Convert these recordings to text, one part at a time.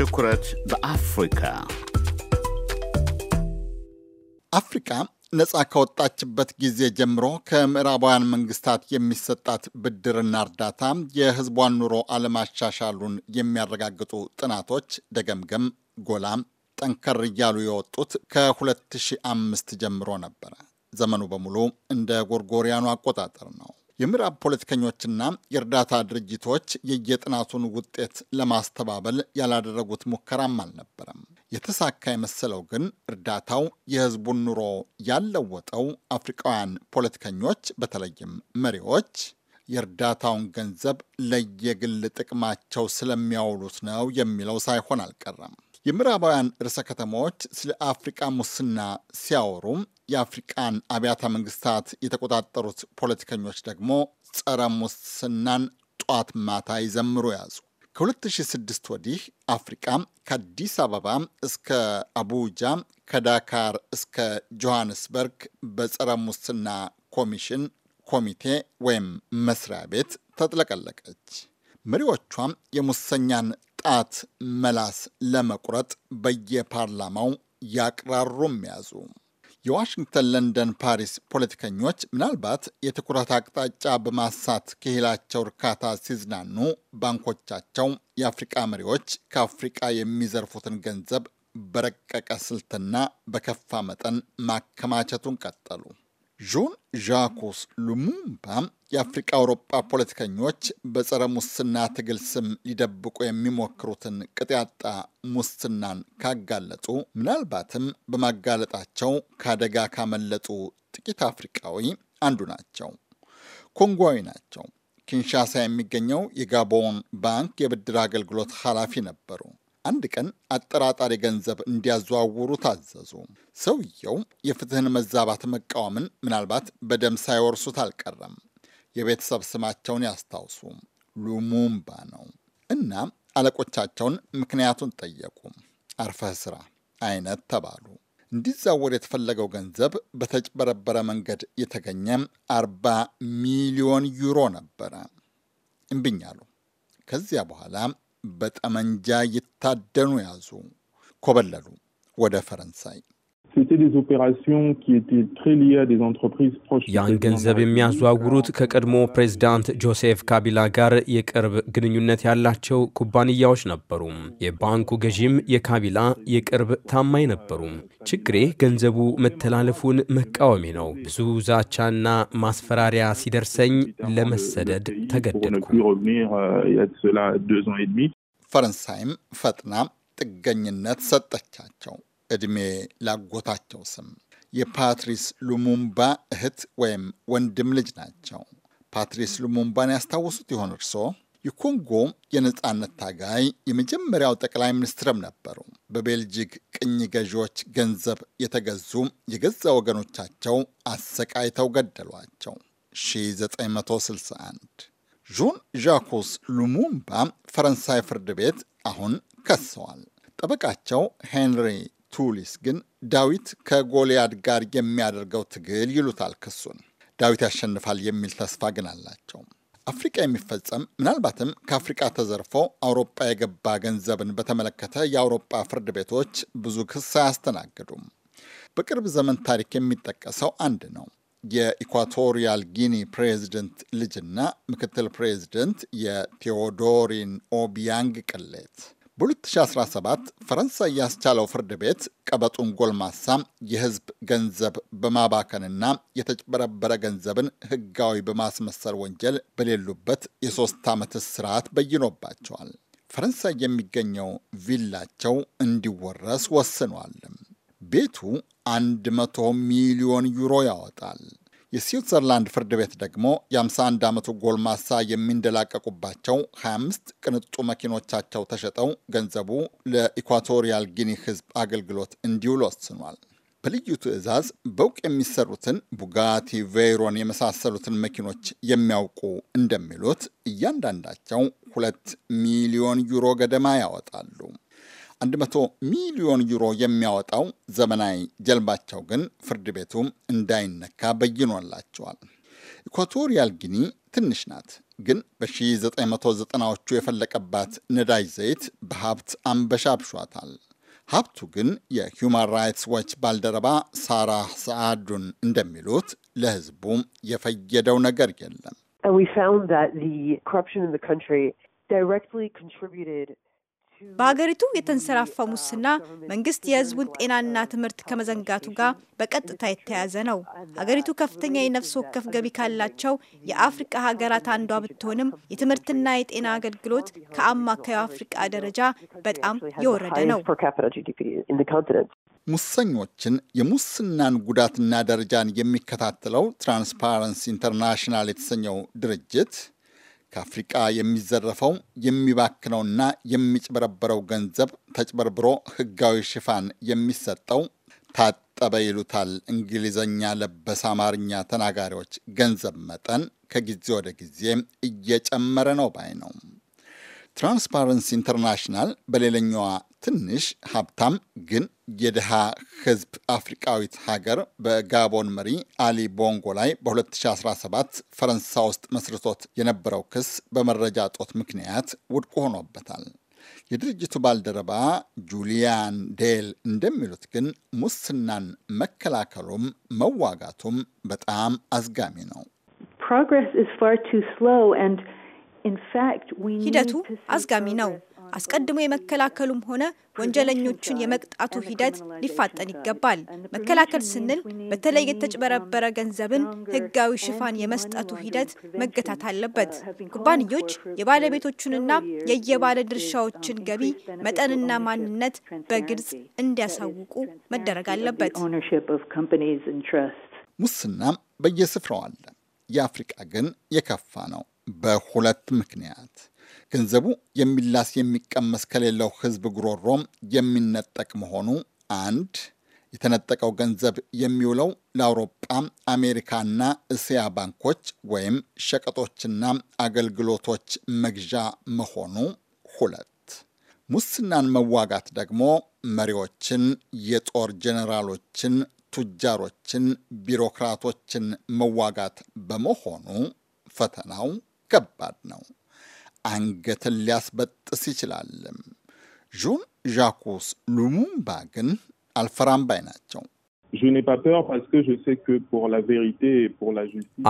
ትኩረት በአፍሪካ አፍሪካ ነፃ ከወጣችበት ጊዜ ጀምሮ ከምዕራባውያን መንግስታት የሚሰጣት ብድርና እርዳታ የህዝቧን ኑሮ አለማሻሻሉን የሚያረጋግጡ ጥናቶች ደገምገም ጎላም ጠንከር እያሉ የወጡት ከ2005 ጀምሮ ነበረ። ዘመኑ በሙሉ እንደ ጎርጎሪያኑ አቆጣጠር ነው። የምዕራብ ፖለቲከኞችና የእርዳታ ድርጅቶች የየጥናቱን ውጤት ለማስተባበል ያላደረጉት ሙከራም አልነበረም። የተሳካ የመሰለው ግን እርዳታው የህዝቡን ኑሮ ያለወጠው አፍሪቃውያን ፖለቲከኞች በተለይም መሪዎች የእርዳታውን ገንዘብ ለየግል ጥቅማቸው ስለሚያውሉት ነው የሚለው ሳይሆን አልቀረም። የምዕራባውያን ርዕሰ ከተሞች ስለ አፍሪቃ ሙስና ሲያወሩ የአፍሪቃን አብያተ መንግስታት የተቆጣጠሩት ፖለቲከኞች ደግሞ ጸረ ሙስናን ጧት ማታ ይዘምሩ ያዙ። ከ2006 ወዲህ አፍሪቃ ከአዲስ አበባ እስከ አቡጃ፣ ከዳካር እስከ ጆሃንስበርግ በጸረ ሙስና ኮሚሽን ኮሚቴ ወይም መስሪያ ቤት ተጥለቀለቀች። መሪዎቿም የሙሰኛን ጣት መላስ ለመቁረጥ በየፓርላማው ያቅራሩም ያዙ። የዋሽንግተን፣ ለንደን፣ ፓሪስ ፖለቲከኞች ምናልባት የትኩረት አቅጣጫ በማሳት ከሄላቸው እርካታ ሲዝናኑ፣ ባንኮቻቸው የአፍሪቃ መሪዎች ከአፍሪቃ የሚዘርፉትን ገንዘብ በረቀቀ ስልትና በከፋ መጠን ማከማቸቱን ቀጠሉ። ዦን ዣኮስ ሉሙምባ የአፍሪቃ አውሮጳ ፖለቲከኞች በጸረ ሙስና ትግል ስም ሊደብቁ የሚሞክሩትን ቅጥያጣ ሙስናን ካጋለጡ ምናልባትም በማጋለጣቸው ከአደጋ ካመለጡ ጥቂት አፍሪቃዊ አንዱ ናቸው። ኮንጓዊ ናቸው። ኪንሻሳ የሚገኘው የጋቦን ባንክ የብድር አገልግሎት ኃላፊ ነበሩ። አንድ ቀን አጠራጣሪ ገንዘብ እንዲያዘዋውሩ ታዘዙ። ሰውየው የፍትህን መዛባት መቃወምን ምናልባት በደም ሳይወርሱት አልቀረም። የቤተሰብ ስማቸውን ያስታውሱ፣ ሉሙምባ ነው እና አለቆቻቸውን ምክንያቱን ጠየቁ። አርፈህ ስራ አይነት ተባሉ። እንዲዛወር የተፈለገው ገንዘብ በተጭበረበረ መንገድ የተገኘ 40 ሚሊዮን ዩሮ ነበረ። እምብኛሉ ከዚያ በኋላ በጠመንጃ ይታደኑ ያዙ፣ ኮበለሉ ወደ ፈረንሳይ። ያን ገንዘብ የሚያዘዋውሩት ከቀድሞ ፕሬዝዳንት ጆሴፍ ካቢላ ጋር የቅርብ ግንኙነት ያላቸው ኩባንያዎች ነበሩ። የባንኩ ገዢም የካቢላ የቅርብ ታማኝ ነበሩ። ችግሬ ገንዘቡ መተላለፉን መቃወሜ ነው። ብዙ ዛቻና ማስፈራሪያ ሲደርሰኝ ለመሰደድ ተገደድኩ። euh, ፈረንሳይም ፈጥና ጥገኝነት ሰጠቻቸው። ዕድሜ ላጎታቸው ስም የፓትሪስ ሉሙምባ እህት ወይም ወንድም ልጅ ናቸው። ፓትሪስ ሉሙምባን ያስታውሱት ይሆን እርሶ የኮንጎ የነፃነት ታጋይ የመጀመሪያው ጠቅላይ ሚኒስትርም ነበሩ። በቤልጂክ ቅኝ ገዢዎች ገንዘብ የተገዙ የገዛ ወገኖቻቸው አሰቃይተው ገደሏቸው። 1961 ዡን ዣኩስ ሉሙምባ ፈረንሳይ ፍርድ ቤት አሁን ከሰዋል። ጠበቃቸው ሄንሪ ቱሊስ ግን ዳዊት ከጎልያድ ጋር የሚያደርገው ትግል ይሉታል ክሱን። ዳዊት ያሸንፋል የሚል ተስፋ ግን አላቸው። አፍሪቃ የሚፈጸም ምናልባትም ከአፍሪቃ ተዘርፎ አውሮጳ የገባ ገንዘብን በተመለከተ የአውሮጳ ፍርድ ቤቶች ብዙ ክስ አያስተናግዱም። በቅርብ ዘመን ታሪክ የሚጠቀሰው አንድ ነው። የኢኳቶሪያል ጊኒ ፕሬዝደንት ልጅና ምክትል ፕሬዝደንት የቴዎዶሪን ኦቢያንግ ቅሌት በ2017 ፈረንሳይ ያስቻለው ፍርድ ቤት ቀበጡን ጎልማሳ የህዝብ ገንዘብ በማባከንና የተጭበረበረ ገንዘብን ህጋዊ በማስመሰል ወንጀል በሌሉበት የሶስት ዓመት እስራት በይኖባቸዋል። ፈረንሳይ የሚገኘው ቪላቸው እንዲወረስ ወስኗል። ቤቱ 100 ሚሊዮን ዩሮ ያወጣል። የስዊትዘርላንድ ፍርድ ቤት ደግሞ የ51 ዓመቱ ጎልማሳ የሚንደላቀቁባቸው 25 ቅንጡ መኪኖቻቸው ተሸጠው ገንዘቡ ለኢኳቶሪያል ጊኒ ሕዝብ አገልግሎት እንዲውል ወስኗል። በልዩ ትዕዛዝ በውቅ የሚሰሩትን ቡጋቲ ቬይሮን የመሳሰሉትን መኪኖች የሚያውቁ እንደሚሉት እያንዳንዳቸው ሁለት ሚሊዮን ዩሮ ገደማ ያወጣሉ። 100 ሚሊዮን ዩሮ የሚያወጣው ዘመናዊ ጀልባቸው ግን ፍርድ ቤቱም እንዳይነካ በይኖላቸዋል። ኢኳቶሪያል ጊኒ ትንሽ ናት፣ ግን በ1990ዎቹ የፈለቀባት ነዳጅ ዘይት በሀብት አንበሻብሿታል። ሀብቱ ግን የሁማን ራይትስ ዋች ባልደረባ ሳራ ሰዓዱን እንደሚሉት ለሕዝቡ የፈየደው ነገር የለም። በሀገሪቱ የተንሰራፋ ሙስና መንግስት የህዝቡን ጤናና ትምህርት ከመዘንጋቱ ጋር በቀጥታ የተያያዘ ነው። ሀገሪቱ ከፍተኛ የነፍስ ወከፍ ገቢ ካላቸው የአፍሪቃ ሀገራት አንዷ ብትሆንም የትምህርትና የጤና አገልግሎት ከአማካዩ አፍሪቃ ደረጃ በጣም የወረደ ነው። ሙሰኞችን፣ የሙስናን ጉዳትና ደረጃን የሚከታተለው ትራንስፓረንሲ ኢንተርናሽናል የተሰኘው ድርጅት ከአፍሪቃ የሚዘረፈው የሚባክነውና የሚጭበረበረው ገንዘብ ተጭበርብሮ ህጋዊ ሽፋን የሚሰጠው ታጠበ ይሉታል እንግሊዘኛ ለበስ አማርኛ ተናጋሪዎች ገንዘብ መጠን ከጊዜ ወደ ጊዜ እየጨመረ ነው ባይ ነው። ትራንስፓረንሲ ኢንተርናሽናል በሌላኛዋ ትንሽ ሀብታም ግን የድሃ ህዝብ አፍሪቃዊት ሀገር በጋቦን መሪ አሊ ቦንጎ ላይ በ2017 ፈረንሳ ውስጥ መስርቶት የነበረው ክስ በመረጃ ጦት ምክንያት ውድቅ ሆኖበታል። የድርጅቱ ባልደረባ ጁሊያን ዴል እንደሚሉት ግን ሙስናን መከላከሉም መዋጋቱም በጣም አዝጋሚ ነው። ሂደቱ አዝጋሚ ነው። አስቀድሞ የመከላከሉም ሆነ ወንጀለኞቹን የመቅጣቱ ሂደት ሊፋጠን ይገባል። መከላከል ስንል በተለይ የተጭበረበረ ገንዘብን ሕጋዊ ሽፋን የመስጠቱ ሂደት መገታት አለበት። uh, ኩባንያዎች የባለቤቶቹንና የየባለ ድርሻዎችን um, ገቢ መጠንና ማንነት በግልጽ እንዲያሳውቁ መደረግ አለበት። ሙስና በየስፍራው አለ። የአፍሪቃ ግን የከፋ ነው። በሁለት ምክንያት ገንዘቡ የሚላስ የሚቀመስ ከሌለው ህዝብ ጉሮሮም የሚነጠቅ መሆኑ አንድ፣ የተነጠቀው ገንዘብ የሚውለው ለአውሮጳ አሜሪካና እስያ ባንኮች ወይም ሸቀጦችና አገልግሎቶች መግዣ መሆኑ ሁለት፣ ሙስናን መዋጋት ደግሞ መሪዎችን፣ የጦር ጀኔራሎችን፣ ቱጃሮችን፣ ቢሮክራቶችን መዋጋት በመሆኑ ፈተናው ከባድ ነው። አንገትን ሊያስበጥስ ይችላልም። ዡን ዣኩስ ሉሙምባ ግን አልፈራም ባይ ናቸው።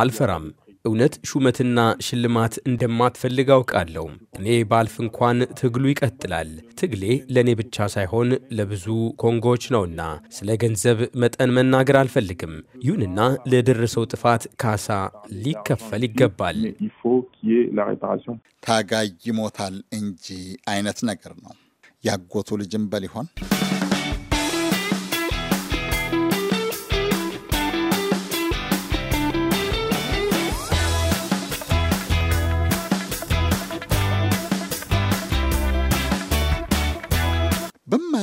አልፈራም እውነት ሹመትና ሽልማት እንደማትፈልግ አውቃለሁ። እኔ ባልፍ እንኳን ትግሉ ይቀጥላል። ትግሌ ለእኔ ብቻ ሳይሆን ለብዙ ኮንጎዎች ነውና ስለ ገንዘብ መጠን መናገር አልፈልግም። ይሁንና ለደረሰው ጥፋት ካሳ ሊከፈል ይገባል። ታጋይ ይሞታል እንጂ አይነት ነገር ነው። ያጎቱ ልጅም በል ይሆን?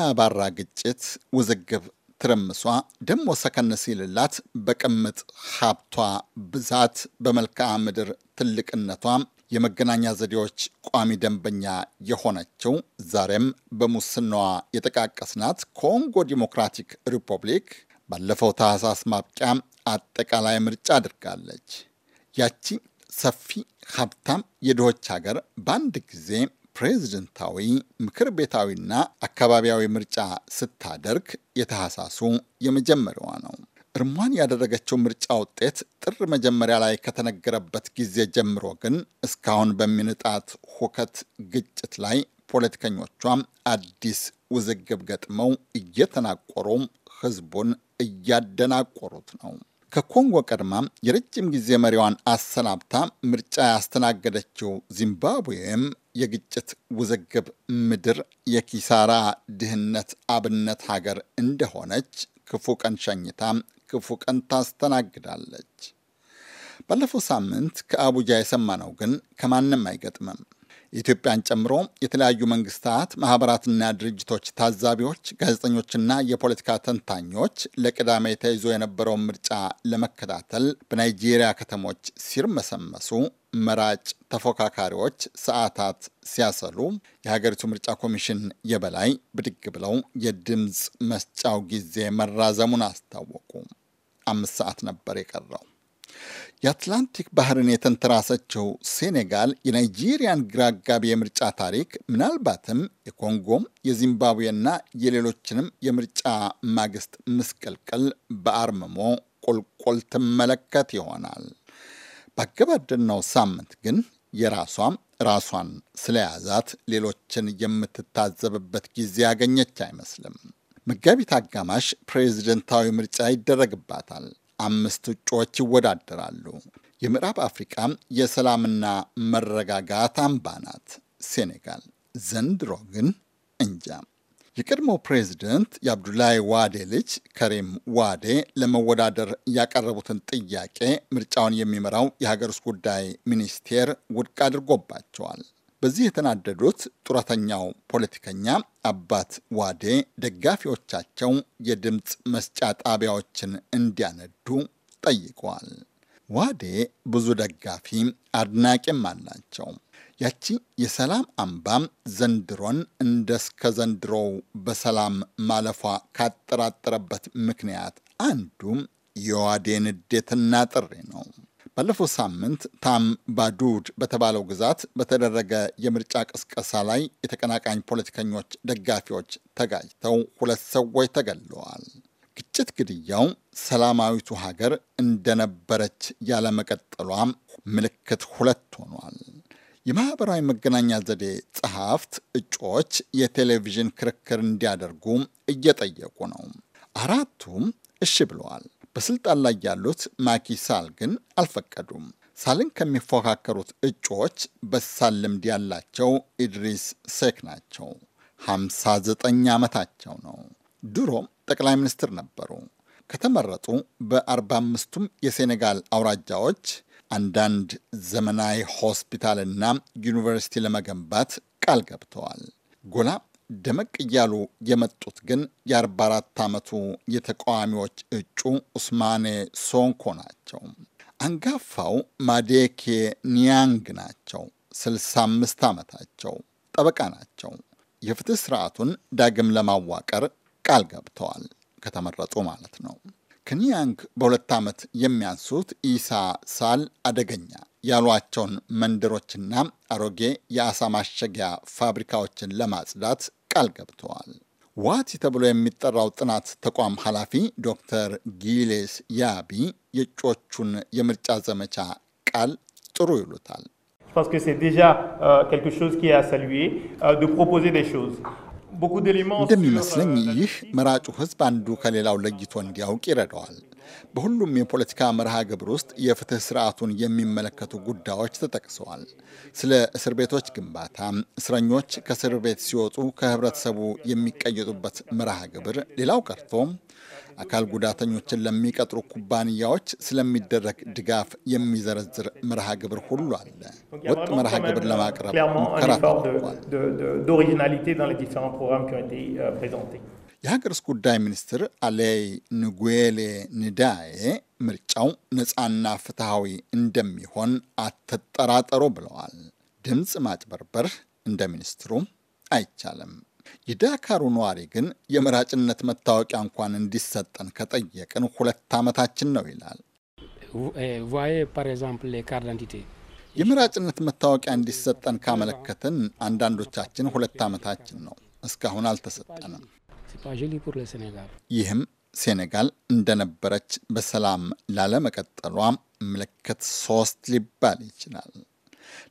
የአባራ ግጭት፣ ውዝግብ፣ ትርምሷ ደሞ ሰከን ሲልላት በቅምጥ ሀብቷ ብዛት፣ በመልክዓ ምድር ትልቅነቷ የመገናኛ ዘዴዎች ቋሚ ደንበኛ የሆነችው ዛሬም በሙስናዋ የጠቃቀስናት ኮንጎ ዲሞክራቲክ ሪፐብሊክ ባለፈው ታህሳስ ማብቂያ አጠቃላይ ምርጫ አድርጋለች። ያቺ ሰፊ ሀብታም የድሆች ሀገር በአንድ ጊዜ ፕሬዝደንታዊ ምክር ቤታዊና አካባቢያዊ ምርጫ ስታደርግ የተሐሳሱ የመጀመሪያዋ ነው። እርሟን ያደረገችው ምርጫ ውጤት ጥር መጀመሪያ ላይ ከተነገረበት ጊዜ ጀምሮ ግን እስካሁን በሚንጣት ሁከት፣ ግጭት ላይ ፖለቲከኞቿም አዲስ ውዝግብ ገጥመው እየተናቆሩም ህዝቡን እያደናቆሩት ነው። ከኮንጎ ቀድማ የረጅም ጊዜ መሪዋን አሰናብታ ምርጫ ያስተናገደችው ዚምባብዌም የግጭት ውዝግብ ምድር፣ የኪሳራ ድህነት አብነት ሀገር እንደሆነች ክፉ ቀን ሸኝታ ክፉ ቀን ታስተናግዳለች። ባለፈው ሳምንት ከአቡጃ የሰማነው ግን ከማንም አይገጥምም። ኢትዮጵያን ጨምሮ የተለያዩ መንግስታት፣ ማህበራትና ድርጅቶች ታዛቢዎች፣ ጋዜጠኞችና የፖለቲካ ተንታኞች ለቅዳሜ ተይዞ የነበረውን ምርጫ ለመከታተል በናይጄሪያ ከተሞች ሲርመሰመሱ መራጭ ተፎካካሪዎች ሰዓታት ሲያሰሉ የሀገሪቱ ምርጫ ኮሚሽን የበላይ ብድግ ብለው የድምፅ መስጫው ጊዜ መራዘሙን አስታወቁ። አምስት ሰዓት ነበር የቀረው። የአትላንቲክ ባህርን የተንተራሰችው ሴኔጋል የናይጄሪያን ግራጋቢ የምርጫ ታሪክ ምናልባትም የኮንጎም የዚምባብዌና የሌሎችንም የምርጫ ማግስት ምስቅልቅል በአርምሞ ቁልቁል ትመለከት ይሆናል። በአገባደናው ሳምንት ግን የራሷም ራሷን ስለያዛት ሌሎችን የምትታዘብበት ጊዜ ያገኘች አይመስልም። መጋቢት አጋማሽ ፕሬዚደንታዊ ምርጫ ይደረግባታል። አምስት እጩዎች ይወዳደራሉ። የምዕራብ አፍሪቃም የሰላምና መረጋጋት አምባ ናት ሴኔጋል። ዘንድሮ ግን እንጃ። የቀድሞ ፕሬዚደንት የአብዱላይ ዋዴ ልጅ ከሪም ዋዴ ለመወዳደር ያቀረቡትን ጥያቄ ምርጫውን የሚመራው የሀገር ውስጥ ጉዳይ ሚኒስቴር ውድቅ አድርጎባቸዋል። በዚህ የተናደዱት ጡረተኛው ፖለቲከኛ አባት ዋዴ ደጋፊዎቻቸው የድምፅ መስጫ ጣቢያዎችን እንዲያነዱ ጠይቀዋል። ዋዴ ብዙ ደጋፊ አድናቂም አላቸው። ያቺ የሰላም አምባም ዘንድሮን እንደስከ ዘንድሮው በሰላም ማለፏ ካጠራጠረበት ምክንያት አንዱ የዋዴ ንዴትና ጥሪ ነው። ባለፈው ሳምንት ታም ባዱድ በተባለው ግዛት በተደረገ የምርጫ ቅስቀሳ ላይ የተቀናቃኝ ፖለቲከኞች ደጋፊዎች ተጋጅተው ሁለት ሰዎች ተገድለዋል። ግጭት ግድያው ሰላማዊቱ ሀገር እንደነበረች ያለመቀጠሏ ምልክት ሁለት ሆኗል። የማህበራዊ መገናኛ ዘዴ ጸሐፍት እጩዎች የቴሌቪዥን ክርክር እንዲያደርጉ እየጠየቁ ነው። አራቱም እሺ ብለዋል። በስልጣን ላይ ያሉት ማኪሳል ግን አልፈቀዱም። ሳልን ከሚፎካከሩት እጩዎች በሳል ልምድ ያላቸው ኢድሪስ ሴክ ናቸው። 59 ዓመታቸው ነው። ድሮም ጠቅላይ ሚኒስትር ነበሩ። ከተመረጡ በ45ቱም የሴኔጋል አውራጃዎች አንዳንድ ዘመናዊ ሆስፒታልና ዩኒቨርሲቲ ለመገንባት ቃል ገብተዋል። ጎላ ደመቅ እያሉ የመጡት ግን የ44 ዓመቱ የተቃዋሚዎች እጩ ኡስማኔ ሶንኮ ናቸው። አንጋፋው ማዴኬ ኒያንግ ናቸው። 65 ዓመታቸው ጠበቃ ናቸው። የፍትህ ስርዓቱን ዳግም ለማዋቀር ቃል ገብተዋል። ከተመረጡ ማለት ነው። ከኒያንግ በሁለት ዓመት የሚያንሱት ኢሳ ሳል አደገኛ ያሏቸውን መንደሮችና አሮጌ የአሳ ማሸጊያ ፋብሪካዎችን ለማጽዳት ቃል ገብተዋል። ዋት ተብሎ የሚጠራው ጥናት ተቋም ኃላፊ ዶክተር ጊሌስ ያቢ የእጩዎቹን የምርጫ ዘመቻ ቃል ጥሩ ይሉታል። እንደሚመስለኝ ይህ መራጩ ህዝብ አንዱ ከሌላው ለይቶ እንዲያውቅ ይረዳዋል። በሁሉም የፖለቲካ መርሃ ግብር ውስጥ የፍትህ ስርዓቱን የሚመለከቱ ጉዳዮች ተጠቅሰዋል። ስለ እስር ቤቶች ግንባታ፣ እስረኞች ከእስር ቤት ሲወጡ ከህብረተሰቡ የሚቀየጡበት መርሃ ግብር፣ ሌላው ቀርቶ አካል ጉዳተኞችን ለሚቀጥሩ ኩባንያዎች ስለሚደረግ ድጋፍ የሚዘረዝር መርሃ ግብር ሁሉ አለ። ወጥ መርሃ ግብር ለማቅረብ ሙከራ ተደርጓል። euh, የሀገር ውስጥ ጉዳይ ሚኒስትር አሌይ ንጉዌሌ ንዳዬ ምርጫው ነፃና ፍትሐዊ እንደሚሆን አትጠራጠሩ ብለዋል። ድምፅ ማጭበርበር እንደ ሚኒስትሩ አይቻልም። የዳካሩ ነዋሪ ግን የመራጭነት መታወቂያ እንኳን እንዲሰጠን ከጠየቅን ሁለት ዓመታችን ነው ይላል። የመራጭነት መታወቂያ እንዲሰጠን ካመለከትን አንዳንዶቻችን ሁለት ዓመታችን ነው። እስካሁን አልተሰጠንም። ይህም ሴኔጋል እንደነበረች በሰላም ላለመቀጠሏ ምልክት ሶስት ሊባል ይችላል።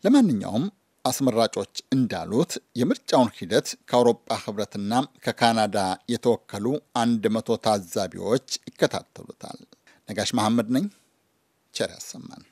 ለማንኛውም አስመራጮች እንዳሉት የምርጫውን ሂደት ከአውሮጳ ህብረትና ከካናዳ የተወከሉ አንድ መቶ ታዛቢዎች ይከታተሉታል። ነጋሽ መሐመድ ነኝ። ቸር ያሰማን።